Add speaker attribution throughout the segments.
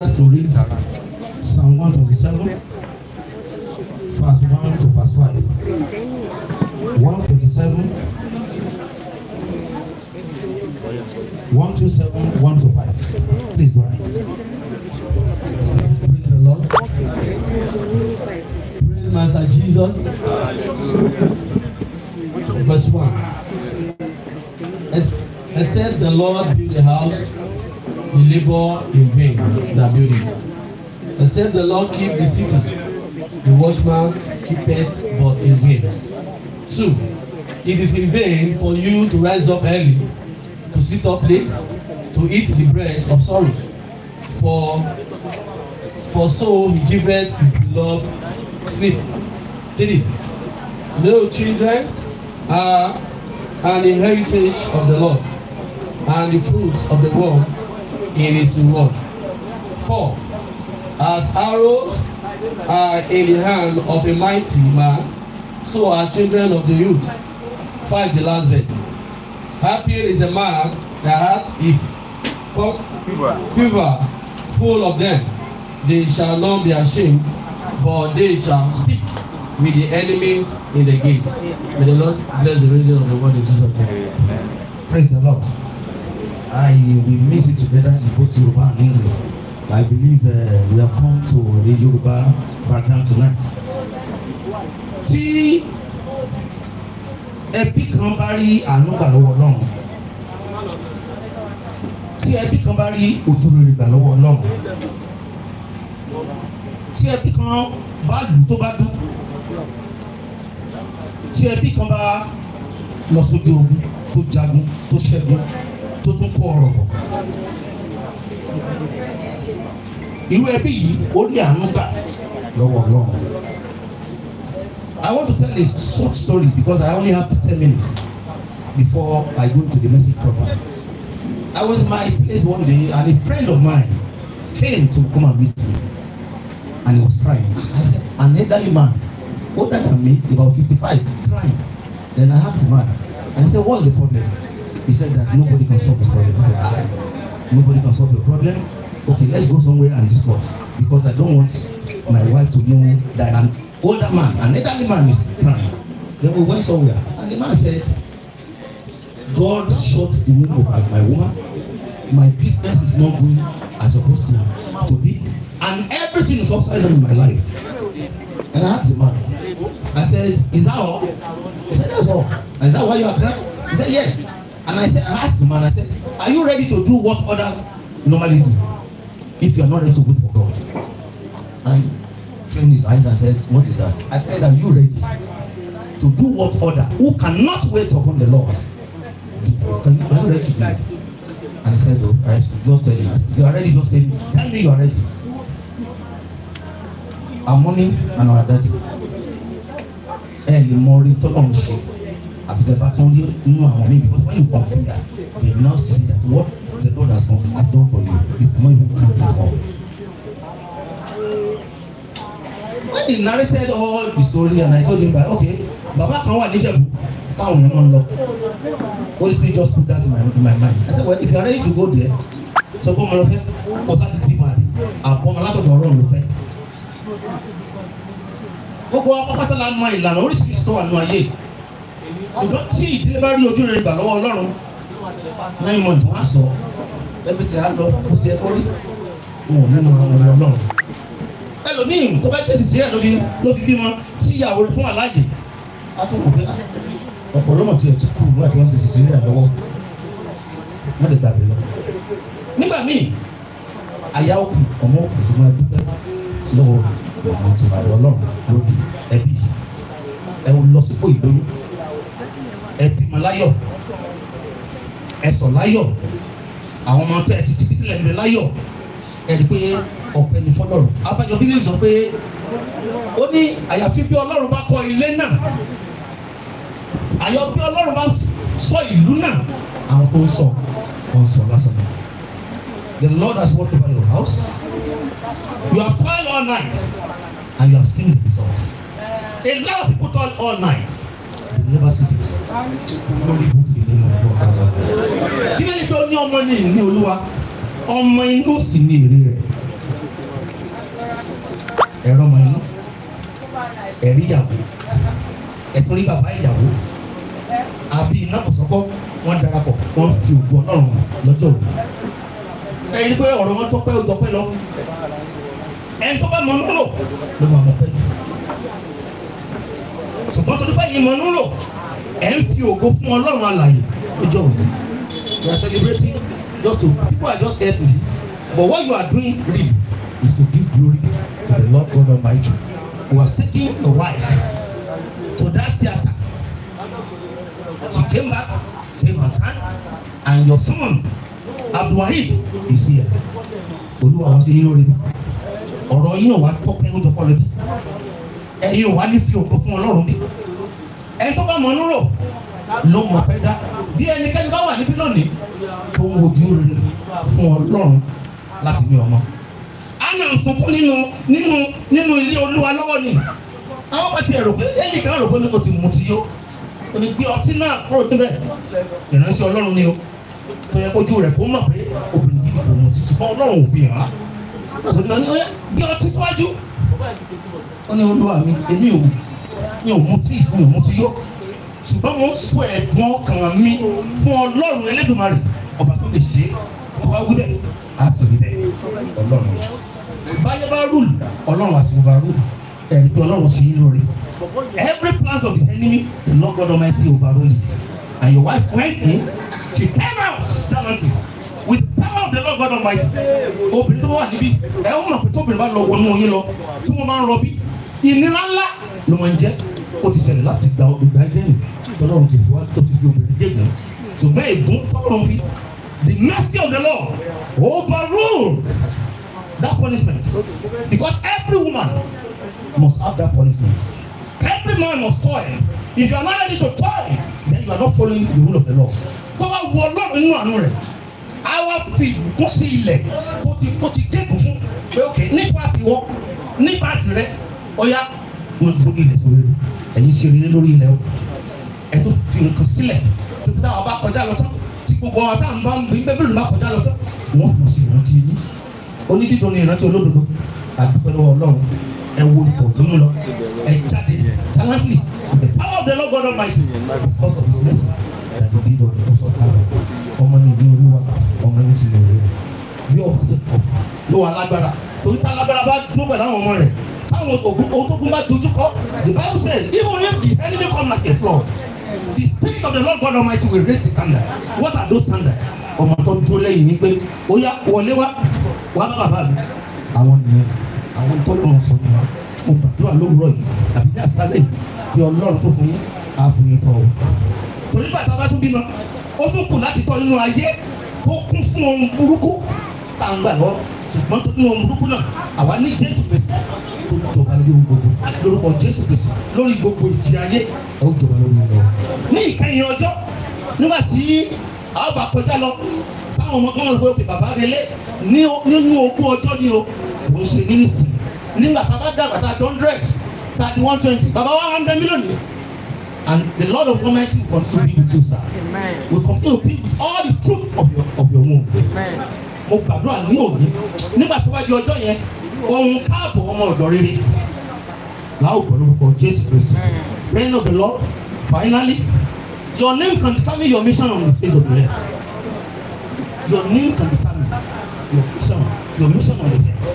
Speaker 1: to read Psalm 127, verse 1 to verse 5. 127, 127, 1 to 5. Please go ahead.
Speaker 2: Praise the Lord.
Speaker 3: Praise Master Jesus. Verse 1. Except the Lord build a house, He labored in vain that built it. Except the Lord keep the city, the watchman keepeth but in vain. Two, it is in vain for you to rise up early, to sit up late, to eat the bread of sorrows. For for so he giveth his beloved sleep. Three, No children are an inheritance of the Lord, and the fruits of the womb in his word. Four, as arrows are in the hand of a mighty man, so are children of the youth. Five, the last verse. Happy is the man that hath his quiver full of them. They shall not be ashamed, but they shall speak with the enemies in the gate. May the Lord bless the reading of the word of Jesus.
Speaker 1: Praise the Lord. I we mix it together in both Yoruba and English. I believe uh, we have come to the Yoruba background tonight. Tí ẹbí kan bá rí àánú gbà lọ́wọ́ Ọlọ́run. Tí ẹbí kan bá rí ojúrere gbà lọ́wọ́ Ọlọ́run. Tí ẹbí kan bá lù tó bá dùn. Tí ẹbí kan bá lọ sójú ogun tó jagun tó ṣẹ́gun tó tún kó ọrọ̀ bọ̀. irú ẹbí yìí ó ní àánú gbà lọ́wọ́ Ọlọ́run. I want to tell a short story because I only have ten minutes before I go to the message proper. I was in my place one day and a friend of mine came to come and meet me and he was crying. I said, an elderly man older than me, about fifty-five, crying. Then I asked him, man, and he said, what's the problem? He said that nobody can solve his problem. Nobody can solve your problem. Okay, let's go somewhere and discuss because I don't want my wife to know that an older man, an elderly man is crying. Then we went somewhere and the man said, God shot the womb of my woman. My business is not going as supposed to, to be. And everything is upside down in my life. And I asked the man, I said, is that all? He said, that's all. Is that why you are crying? He said, yes. And I said, I asked the man, I said, Are you ready to do what others normally do? If you are not ready to wait for God. And clean his eyes and said, What is that? I said, Are you ready
Speaker 3: to
Speaker 1: do what other who cannot wait upon the Lord? Can, are you ready to do it? And he said, Oh, I just tell you, you are ready, just tell me. Tell me you are ready.
Speaker 2: Our money and our daddy.
Speaker 1: Early morning, tell them àbíkẹ́ bá tún rí nínú àwọn míì because when you come compare they now see that what the Lord has done has done for you you no even count it all. when he narrated all the story and I told him that okay Baba kan wà níjẹ̀bú táwọn èèyàn máa ń lọ Holy Spirit just put that in my, in my mind I said well if you are ready to go there sọ pé ọmọ lọ fẹ́ kọ sáti bí màá àbọ̀ ọmọ látọ̀dọ̀ ọ̀rọ̀ ló fẹ́ gbogbo apápátá la mọ ìlànà oríṣiríṣi tó wà nù ayé yìí ṣùgbọ́n tí ìdílé bá rí ojú rere gbà lọ́wọ́ ọlọ́run lẹ́yìn mọ̀ ìtàn àṣọ ẹbí tí a lọ kó ṣe ẹkọ rí wọn ò nínú àwọn ọmọ ọlọ́run. ẹlòmíì tó bá tẹ̀sí sílẹ̀ ló fi ló fi bímọ tí ìyàwó rẹ̀ tún wà láàyè á tún wò pé ah, ọ̀pọ̀ ló mọ̀ tiẹ̀ tún kù nígbà tí wọ́n ṣe ṣiṣẹ́ rẹ̀ lọ́wọ́ wọ́n lè gbàgbé lọ. nígbà míì àyà òkú ọmọ òkú tó máa dúpẹ́ lọ́wọ́ àwọn tó bá yọ ọlọ́run lóbi ẹbí ẹ ń lọ sí òyìnbó yìí ẹ bímọ láyọ̀ ẹ sọ̀ àwọn ọmọ tẹ ẹ tìbí sílẹ̀ mi láyọ̀ ẹ pé ọ̀pẹ ní fọlọ́run abájọ bíbélì sọ pé ó ní àyàfi bí ọlọ́run bá kọ́ ilé náà àyọ bí ọlọ́run bá sọ ìlú náà àwọn tó ń sọ ọ̀ ń sọ lásán náà the Lord has watched over your house you have toiled all night and you have seen the results a lot of people toil all night they never see the bíbélì pé ó ní ọmọ ní ìní olúwa ọmọ inú sì ní èrè rẹ̀ ẹ̀rọ ọmọ inú ẹ̀rí ìyàwó ẹ̀tún rí bàbá ìyàwó àbí iná kọ̀sọ́kọ́ wọ́n darapọ̀ wọ́n fi ògùn ọlọ́run lọ́jọ́ òní ẹ̀yin pé ọ̀rọ̀ wọn tọ́pẹ́ ó lọ ẹni tó bá mọ̀ nínú ló máa mọ̀ pẹ́ jù ṣùgbọ́n tó dúpẹ́ yìí mọ̀ nínú ẹ̀ ń fi ògo fún ọlọ́run alàyè ọjọ́ òní You are celebrating just to people are just here to eat but what you are doing really is to give glory to the Lord God Almighty who has taken your wife to that theatre she came back save her son and your son Abdulwaheed is here olúwa wá sí yín lórí ọ̀rọ̀ yín ò wá tọ́pẹ́ ó jọ kọ́ lóbi ẹ̀yin ò wá ní fi òkú fún ọlọ́run mi ẹni tó bá mọ̀ ọ́nú rò ló mọ̀ pẹ́ dá bí ẹnikẹ́ni bá wà níbí lónìí tó ń wojú rere fún ọlọ́run láti ní ọmọ. àna ń sunkún nínú nínú nínú ilé olúwa lọ́wọ́ ni àwọn kan ti rò pé ẹnì kan rò pé mi kò ti mutí yó kò ní gbé ọtí náà kúrò níbẹ̀ ìránṣẹ́ ọlọ́run ni o tó yẹ kójú rẹ̀ kó mọ̀ pé obìnrin yìí kò mutí ṣùgbọ́n ọlọ́run ò hàn án.
Speaker 2: àtòlùmọ̀ ni ó yẹ ó ní olúwa mi èmi ò wù mi
Speaker 1: ò mutí mi ò mutí yó ṣùgbọ́n mo ń sọ ẹ̀dùn ọkàn mi fún ọlọ́run ẹlẹ́dùnmarè ọba tó lè ṣe tó bá wí bẹ́ẹ̀ á sì rí bẹ́ẹ̀ ọlọ́run báyé bá rúùlù ọlọ́run àti bàbá rúùlù ẹ̀rí pé ọlọ́run ṣe yín lórí every plan of the enemy the Lord God Almighty overrule it and your wife went in she came out silently with the power of the Lord God Almighty obìnrin tó wà níbí ẹ̀ ń mọ̀ pé tóbìnrin bá lọ wọnú oyin lọ tí wọ́n máa ń rọbí ìnira ńlá ló máa ń jẹ́ ó ti ṣẹlẹ̀ láti gba ìgbà dẹ́nu tọ́lọ́run ti fi wá tó ti fi obìnrin dégùn ṣùgbọ́n ègún tọ́lọ́run fi the mercy of the Lord overrule that punishment because every woman must have that punishment every man must toil if you are not ready to toil then you are not following the rule of the law. tó bá wọ ọlọ́run nínú àánú rẹ̀ á wá fi ìbùkún sí ilẹ̀ kó ti kó ti dẹ́kun fún pé ok nípa tiwọ́ nípa tirẹ̀ ọ̀ya wọn dúró ní ilẹ̀ Ṣòwòrò ẹ̀yin ṣe rí lórí ilẹ̀ o ẹ tó fi nǹkan sílẹ̀ tó fi táwọn bá kọjá lọ tán tí gbogbo àwọn táwọn bá ń gbé bẹ́bẹ́rún bá kọjá lọ tán wọ́n fò sí ìrántí yín onídìdún ni ìrántí olódodo àdúpẹ́ lọ́wọ́ Ọlọ́run ẹ wo ipò lómú lọ ẹ jáde talently the power of the Lord God Almighty because of his mercy that he did on the cross of Calvary ọmọ ní ìdí olúwa ọmọ ní ìsinmi rẹ bí ọ̀fọ̀ sí pọ̀ ló wà lágbára torí pé alágbára bá dúró pẹ̀lú àwọn ọmọ rẹ̀ táwọn ogun bá dojú kọ the bible says even if the enemy come like a flood the spirit of the lord god almighty will raise the standard what are those standards ọmọ tó dúró lẹ́yìn ní pé ó yá wọlé wá wá bá bàbá mi àwọn nìyẹn àwọn tó sọ ni mo gbàdúrà lówùrọ̀ yìí àbí ní àṣálẹ̀ kí ọlọ́run tó fún yín á fún yín tọ́ o torí bàtà bá tún bímọ ó tún kù láti tọ́ nínú ayé tó kún fún ohun burúkú tá lọ ṣùgbọ́n tó kún ohun burúkú náà àwa ní jésù kristu tó jọba lórí ohun gbogbo lórúkọ jésù kristu lórí gbogbo ìjì ayé
Speaker 2: ó jọba lórí ohun gbogbo.
Speaker 1: ní ìkẹyìn ọjọ́ nígbà tí a bá kọjá lọ táwọn ọmọ kan rò pé bàbá rẹ lé nínú ogún ọjọ́ ni o kò ṣe ní ìsìn nígbà tá a bá dàgbà tá a don direct tá a di one twenty bàbá wa hundred million ni and the lord of almighty will continue to be with you sir will continue to be with all the fruit of your of your womb mo gbàdúrà ní òní nígbà tó bá di ọjọ́ yẹn ohun káàbọ̀ ọmọ ọ̀dọ́ rere láwùjọ lórúkọ Jésù Kristi reign of the Lord finally your name can determine your mission on the face of the earth your name can determine your mission your mission on the earth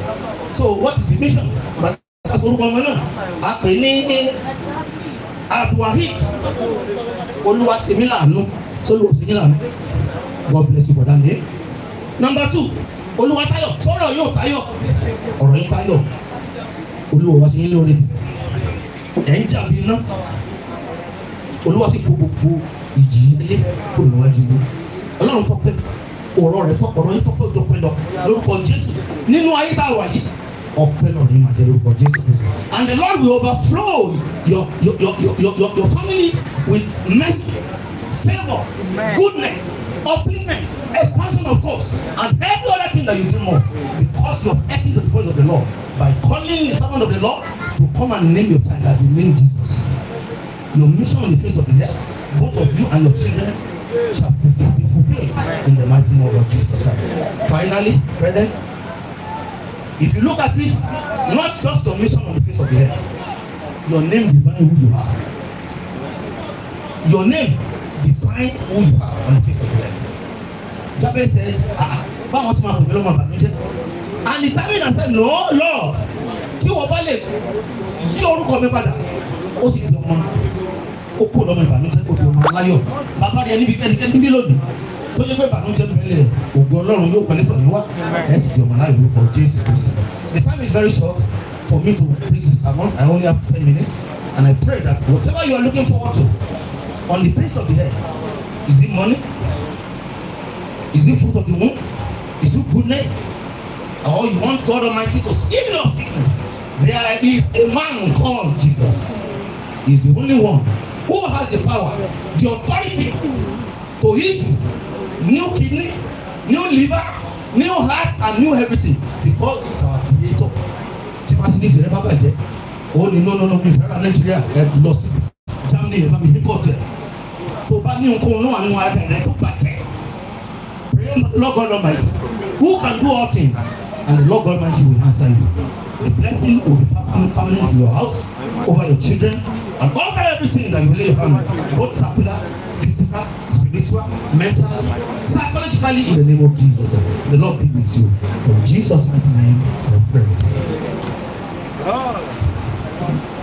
Speaker 1: so what is the mission bàtà forúkọ ọmọ náà a pè ní abdulwahid olúwaṣemílàánú sọlúwaṣemílàánú God bless you for that name number two olúwatáyọ̀ sọ̀rọ̀ yóò táyọ̀ ọ̀rọ̀ láyọ̀ olúwa sí yín lóore ẹ̀yin dàbí iná olúwa sì kó gbogbo ìjì ilé kò níwájú yín ọlọ́run tọ́pẹ́ ọ̀rọ̀ rẹ̀ tọ́pẹ́ ọ̀rọ̀ yín tọ́pẹ́ òjọpẹ́ lọ lórúkọ jésù nínú ayé tá a wà yìí ọpẹ́ náà ní màjẹ lórúkọ jésù kristu and the lord will overflow your your your your your, your family with mercy favour goodness upliftment expansion of course and every other thing that you dream of cause are acting into the voice of the law by calling the servant of the law to come and name your child as the name Jesus. Your mission on the face of the earth, both of you and your children, shall be fulfilled in the mighty name of Jesus Christ. Finally, brethren, if you look at it, not just your mission on the face of the earth, your name defines who you are. Your name defines who you are on the face of the earth. Jabez said, ah, báwọn sì máa pè mí and determine and say no lord tí wọ́n bá lè yí orúkọ mi padà ó sì di ọmọ ó kó lọ́mọ ìbànújẹ́ kó di ọmọ aláyọ̀ bàbá rẹ̀ níbi kẹ́nikẹ́ni bí lòdì tó yẹ pé ìbànújẹ́ bẹ̀rẹ̀ rẹ̀ ògùn ọlọ́run yóò wọlé tọ̀ níwá ẹ̀ sì di ọmọ aláyọ̀ lórúkọ jésù kristu the time is very short for me to preach this sermon i only have ten minutes and i pray that whatever you are looking forward to on the face of the earth is it money is it fruit of the womb is it goodness or you want God Almighty to heal your sickness, there is a man called Jesus. He's the only one who has the power, the authority to heal New kidney, new liver, new heart, and new everything. Because it's our creator. Tí máa ṣe ní ìṣẹ̀lẹ̀ bá bàjẹ́, ó ní nọ́nọ́nọ́ mi fẹ́ràn Germany ẹ̀ bá mi import ẹ̀. Tó bá ní nǹkan náà nínú ara rẹ̀ tó bàjẹ́. Pray Lord God Almighty, who can do all things? and the Lord God Almighty will answer you. The blessing will be permanent in your house, over your children, and over everything that you lay your hand on, both secular, physical, spiritual, mental, psychologically, in the name of Jesus. The Lord be with you. From Jesus' mighty name, I pray.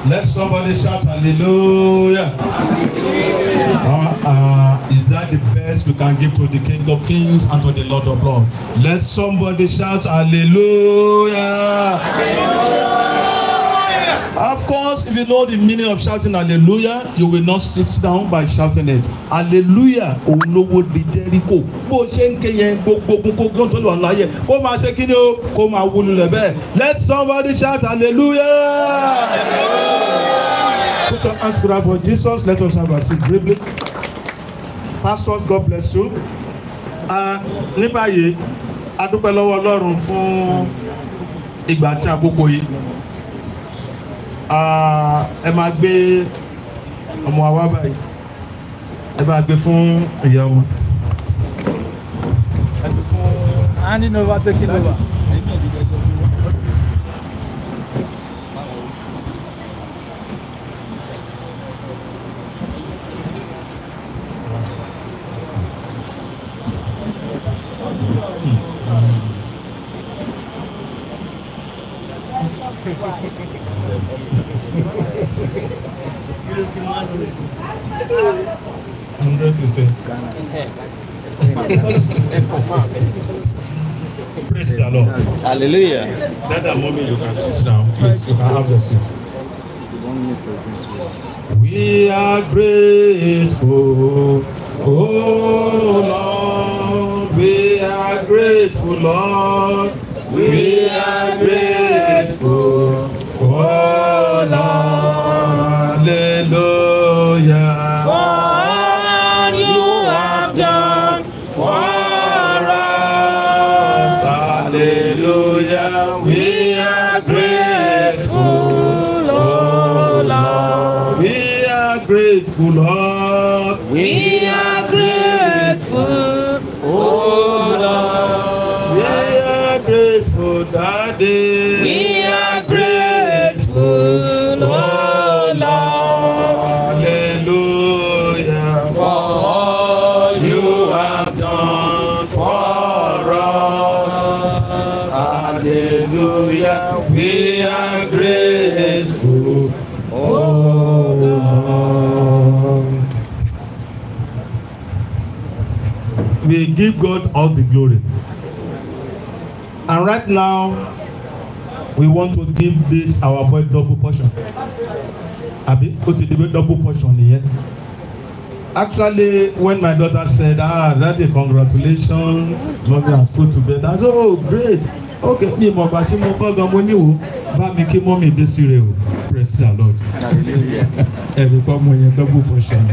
Speaker 4: Let somebody shout hallelujah. Uh, uh, is that the best we can give to the King of Kings and to the Lord of Lords? Let somebody shout hallelujah.
Speaker 2: hallelujah. Of
Speaker 4: course, if you know the meaning of shouting hallelujah, you will not sit down by shouting it. Hallelujah, òun ló wó di Jericho. Bó ṣe ń ké yẹn gbogbo gbogbo tó lọ láyé, kó máa ṣe kí ni o, kó máa wúlò lẹ̀ bẹ́ẹ̀. Let somebody shout hallelujah. hallelujah. Put your hands together for Jesus. Let us have a seat briefly. Pastors, God bless you. Ah, ní báyìí, a dúpẹ́ lọ́wọ́ Ọlọ́run fún ìgbà àti àkókò yìí ẹ máa gbé ọmọ wa wá báyìí ẹ bá gbé fún ìyá wọn. handing over taking over. Hallelujah. That moment you can sit down, please. You can have your seat. We are grateful, oh Lord. We are grateful, Lord. We are grateful. school. give God all the glory. And right now, we want to give this our boy double portion. Abi, o ti dibe double portion here. Actually, when my daughter said, ah, that's a congratulations, mommy has put to bed, I said, oh, great. Okay, me mọ̀ gbà tí mo kọ́ gan mo ní wo, bá mi kí mọ́mì praise the Lord. Ẹ̀rí kọ́ mo yẹn double portion.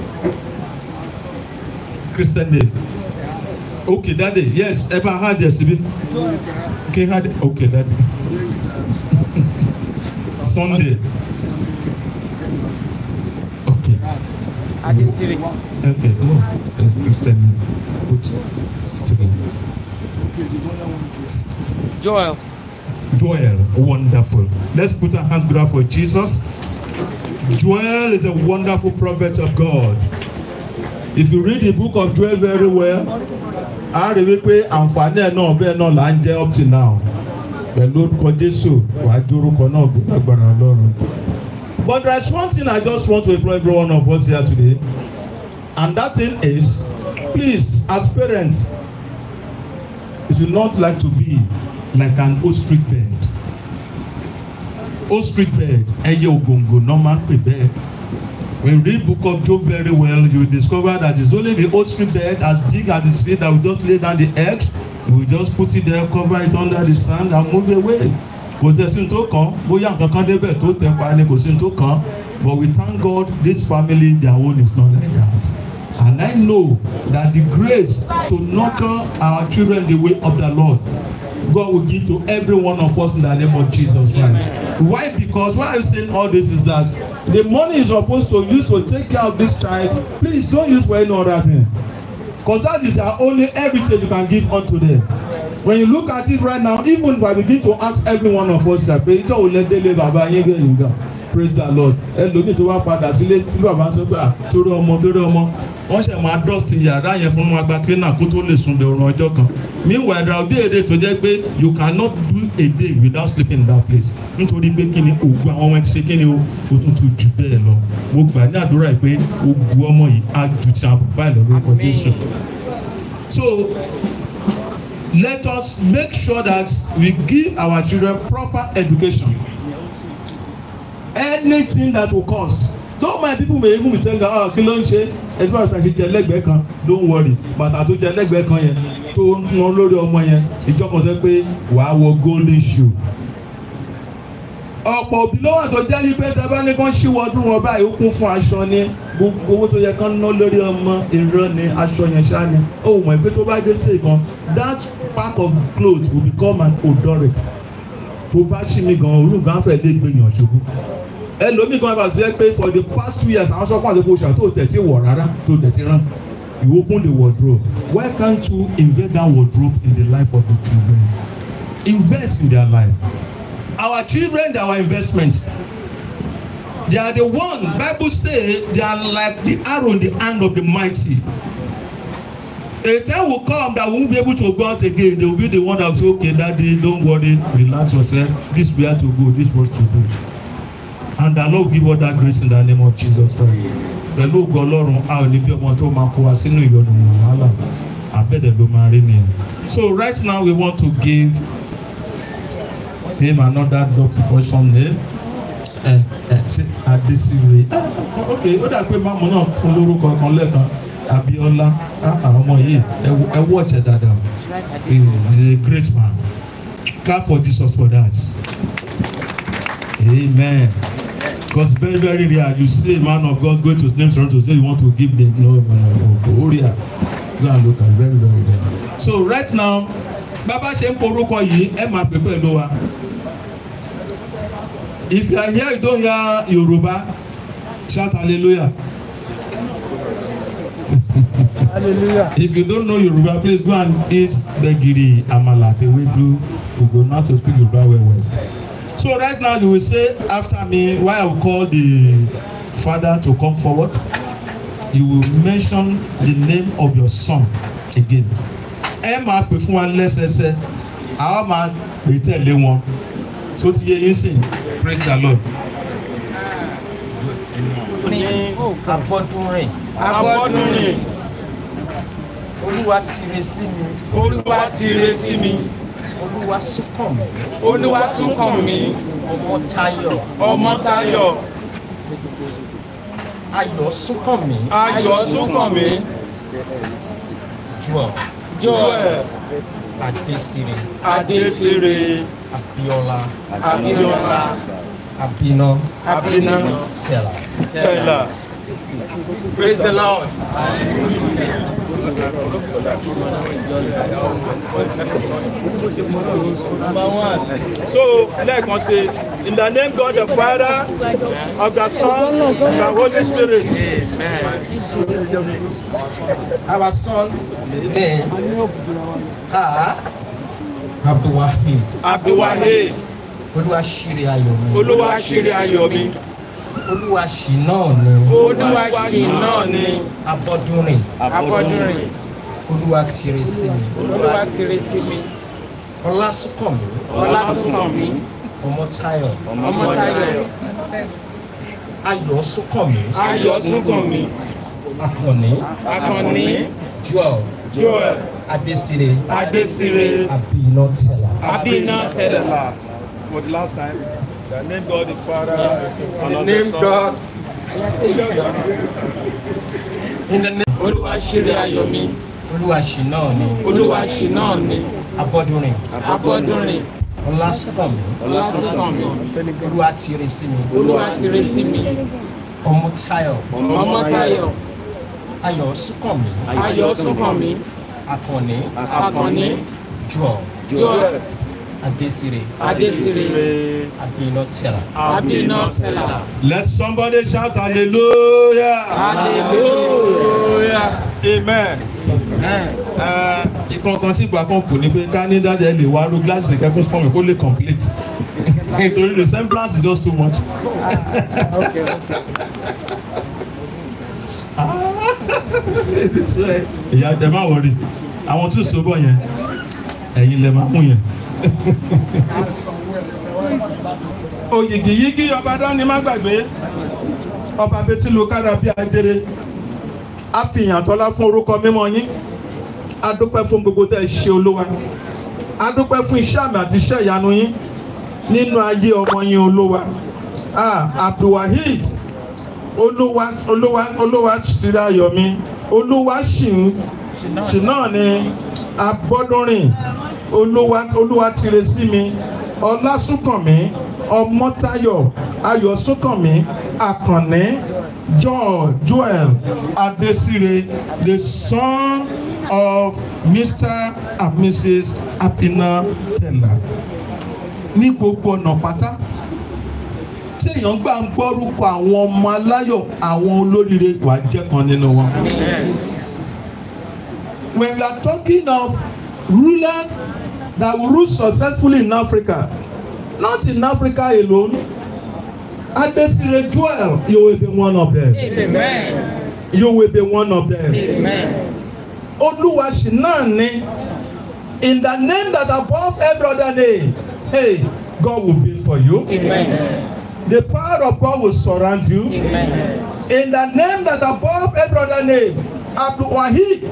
Speaker 4: Christian name? Okay, daddy. Yes, ever had yes, Okay, had okay, daddy. Sunday.
Speaker 2: Okay. I can see it. Okay, go. Christian name.
Speaker 4: Put stupid. Joel. Joel, wonderful. Let's put our hands together for Jesus. Joel is a wonderful prophet of God. if you read the book of Joel very well a rí wípé àǹfààní ẹ̀ náà bẹ́ẹ̀ náà là ń jẹ́ up to now pẹ̀lú orúkọ Jésù wàá ju orúkọ náà bí lágbára Ọlọ́run. But there is one thing I just want to implore every one of us here today and that thing is please as parents you should not like to be like an old street bird old street bird ẹyẹ ògòǹgò náà máa ń When you read Book of Job very well, you discover that it's only the old street bed as big as the street, that we just lay down the eggs. We just put it there, cover it under the sand and move away. Kò tẹ̀sí tó kàn, bóyá nǹkan kan débẹ̀ tó tẹ̀ pa ni kò sí tó kàn. But we thank God this family, their own is not like that. And I know that the grace to nurture our children the way of the Lord God will give to every one of us in the name of Jesus Christ. Why? Because why I'm saying all this is that the money you suppose to use to take care of this child please don't use for any other thing cause that is their only heritage you can give unto them when you look at it right now even if i begin to ask every one of us pe ijọ́ wo lẹ délé bàbá yín bẹ́ẹ̀ gan praise the lord ẹlòmíì tó wá padà sílé tí bàbá ń sọ pé à torí ọmọ torí ọmọ wọ́n ṣẹ̀ máa dọ́sì yàrá yẹn fún agba cleaner kó tó lè sùn ọ̀run ọjọ́ kan meanwhile there will be a day tó jẹ́ pé you cannot do a day without sleeping in that place nítorí pé kí ni ògùn àwọn ọmọ ẹ ti ṣe kí ni o ó tún tún jù bẹ́ẹ̀ lọ mo gbà ní àdúrà yìí pé ògùn ọmọ yìí á ju ti àbùbá ìlọ lórúkọ Jésù so let us make sure that we give our children proper education anything that will cost though my people may even be saying that ah kí ló ń ṣe ẹni bá ṣe jẹ lẹ́gbẹ̀ẹ́ kan don't worry bàtà tó jẹ lẹ́gbẹ̀ẹ́ kan yẹn tó ń ná lórí ọmọ yẹn ìjọkàn sẹ pé wàá wọ golden shoe. ọ̀pọ̀ òbí ló wà tó jẹ́ ní pé tẹ́bá ní kán ṣíwọ́ ọdún wọn báyìí ó kún fún aṣọ ni gbogbo owó tó yẹ kán ná lórí ọmọ irọ́ ni aṣọ yẹn ṣá ni ó mọ̀ pé tó bá dé sí ìkan that pack of clothes will become an odoric tó bá ṣí mi gan-an olùgbàfẹ́ lè gbé yàn ṣubú ẹlòmíì kan bá ṣe pé for the past two years àwọn sọ́kùn àti oṣù àti òtẹ̀ tí wọ̀ rárá tó dẹ̀ ti rán you open the wardrobe why can't you invest that wardrobe in the life of the children invest in their life our children are our investments they are the one bible say they are like the arrow in the hand of the mighty a time will come that we won't be able to go out again they will be the one that say okay daddy don't worry relax yourself this way to go this was to do and the Lord give all that grace in the name of Jesus Christ pẹ̀lú ògo ọlọ́run a ò ní bí ọmọ tó máa kó wa sínú ìyọnu wàhálà abẹ́dẹ̀ ló máa rí nìyẹn so right now we want to give him another dog portion name ẹ ẹ ṣe adesire ah, ah, ok ó dà pé máàmù náà fún lórúkọ kan lẹ́ẹ̀kan abiola ah, ọmọ yìí ẹ wọ ọ̀ṣẹ̀ dáadáa he is a great man clap for Jesus for that amen because very very rare you see a man of God go to his name to say you want to give them no no no go rare go and look at very very rare so right now Baba ṣe ń porúkọ yìí ẹ máa pè pẹ̀lú wa if you are here you don hear Yoruba shout hallelujah hallelujah if you don't know Yoruba please go and eat the giri amala tewedu we go now to speak Yoruba well well. So right now you will say after me why I will call the father to come forward. You will mention the name of your son again. Ẹ máa pè fún wa lẹ́sẹsẹ, àwa máa pè tẹ̀lé wọn. Tó ti yé yín sìn, praise the Lord.
Speaker 1: Abọ́dúnrìn. Abọ́dúnrìn. Olúwa ti re sí mi. Olúwa ti re mi olúwa súnkàn mí. olúwa súnkàn mí. ọmọ tayọ̀. ọmọ tayọ̀.
Speaker 4: ayọ̀ súnkàn mí. ayọ̀ súnkàn mí.
Speaker 1: joel. joel. adesire.
Speaker 4: adesire. abiola. abiola. abina. abina. tela. tela. praise the lord. Hallelujah. So let us say in the name God the Father, of the Son, of the Holy Spirit. Amen. Our son, Amen. Ah, Abdulwahid. Abdulwahid. Olúwa ṣírí ayọ̀ mi. Olúwa ṣírí olúwa ṣì náà ni. olúwa ṣì náà ni. abọ́dúnrìn. abọ́dúnrìn. olúwa tire sí mi. olúwa tire sí
Speaker 2: mi.
Speaker 1: ọlásùnkànmí. ọlásùnkànmí. ọmọtáyọ̀. ọmọtáyọ̀. ayọ̀sùnkànmí. ayọ̀sùnkànmí. akànní.
Speaker 4: akànní. joel. joel. adesire. adesire.
Speaker 1: abiná tẹlẹ. abiná tẹlẹ.
Speaker 4: for the last time. The name God the Father, and
Speaker 1: the name God. In the name.
Speaker 4: Olúwa ṣírí ayọ̀ mi.
Speaker 1: Olúwa ṣì náà ni. Olúwa ṣì náà ni. Abọ́dúnrin. Abọ́dúnrin. Ọlásùnkànmí. Ọlásùnkànmí. Olúwa ti re sí mi. Olúwa ti re sí mi. Ọmọ́táyọ̀. Ọmọ́táyọ̀. Ayọ̀ Súnkànmí. Ayọ̀ Súnkànmí. Àkànní. Àkànní. Joel. Joel. Adesire. Adesire. Abinotela. Abinotela.
Speaker 4: Let somebody shout hallelujah. Hallelujah. Amen. Eh, Ìkọ̀ọ̀kan tí ìgbà kan kù ní pé ká ní dájẹ́ lè wá ro gíláàsì kẹ́kún fún mi kó lè complete. Nítorí resemblance is just too much. okay, okay. Ìyá ẹ má wọrí, àwọn tí ò sóbọ̀ yẹn, ẹ̀yin lẹ máa mú yẹn òyìgì yígí ọba dání má gbàgbé ọba betílu kára bí ajere a fi ìyàn tọ́lá fún orúkọ mímọ́ yín a dúpẹ́ fún gbogbo tẹ́ ẹ ṣe olúwa a dúpẹ́ fún iṣẹ́ àmì àti iṣẹ́ ìyanu yín nínú ayé ọmọ yín olúwa abdulwaheed olúwa olúwa olúwa síra ayọ̀ mi olúwa ṣì ń ṣì náà ni abọ́dúnrìn olúwatire sí mi ọlásùnkànmí ọmọ́táyọ̀ ayọ̀sùnkànmí àkànní joel joel adesire the son of mr and mrs apina tella ní gbogbo ọ̀nà pátá téèyàn gbà ń gbọ́rúkọ àwọn ọmọ aláyọ̀ àwọn olóríire wà jẹ́ kan nínú wọn. when we are talking of rulers that will rule successfully in Africa, not in Africa alone. Adesire Joel, you will be one of them. Amen. You will be one of them. Amen. Oluwasinani, in the name that above every other name, hey, God will be for you. Amen. The power of God will surround you. Amen. In the name that above every other name, Abdul Wahid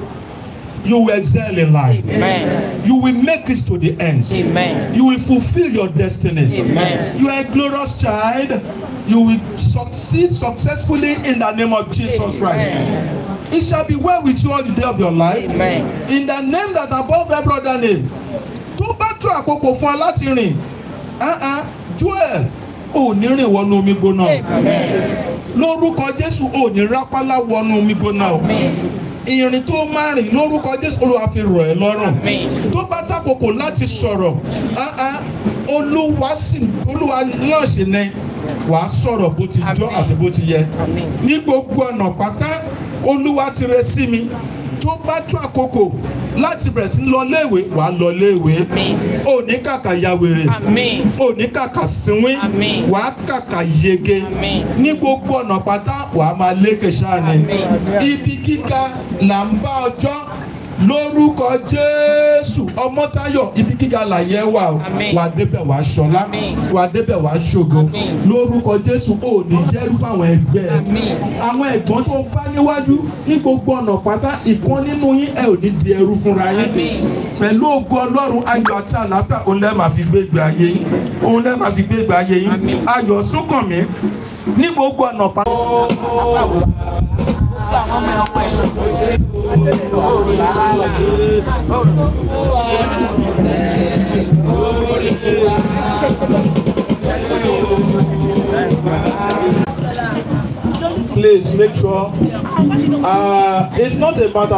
Speaker 4: you will excel in life. Amen. You will make it to the end. Amen. You will fulfill your destiny. Amen. You are a glorious child. You will succeed successfully in the name of Jesus Christ. Amen. It shall be well with you all the day of your life. Amen. In the name that above every other name. Tó bá tó àkókò fún ọ láti rìn. Uh-uh, Joel ò ní rìn wọnú omi gbóná. Lórúkọ Jésù ò ní rápálá wọnú omi gbóná. Amen ìrìn tó máa rìn lórúkọ Jésù Olúwa fi rọ̀ ẹ́ lọ́rùn tó bá tàkòkò láti sọ̀rọ̀ ah, ah, Olúwa náà sì ni wàá sọ̀rọ̀ bó ti jọ́ àti bó ti yẹ ní gbogbo ọ̀nà pátá Olúwa ti rẹ sí mi tó bá tó àkókò láti bẹ̀rẹ̀ sí lọ léèwé wà á lọ léèwé ò ní kàkà yàwèrè ò ní kàkà sínwín wà á kàkà yege ní gbogbo ọ̀nà pátá wà á máa lékè sáà ni ibi gíga là ń bá ọjọ́ lórúkọ jésù ọmọtayọ ibi gíga làyẹ wà o wà débẹ̀ wà ṣọlá wà débẹ̀ wà ṣògo lórúkọ jésù ò ní jẹ́rú fáwọn ẹgbẹ́ ẹ àwọn ẹ̀gbọ́n tó bá níwájú ní gbogbo ọ̀nà pátá ìkan nínú yín ẹ ò ní di ẹrú fúnra yín pẹ̀lú ògo ọlọ́run ayọ̀ àti àlàáfíà òun lẹ́ẹ̀ máa fi gbégbé ayé yín òun lẹ́ẹ̀ máa fi gbégbé ayé yín ayọ̀ súnkànmí ní gbogbo ọ̀nà pátá.
Speaker 2: Please make sure uh, it's not a matter.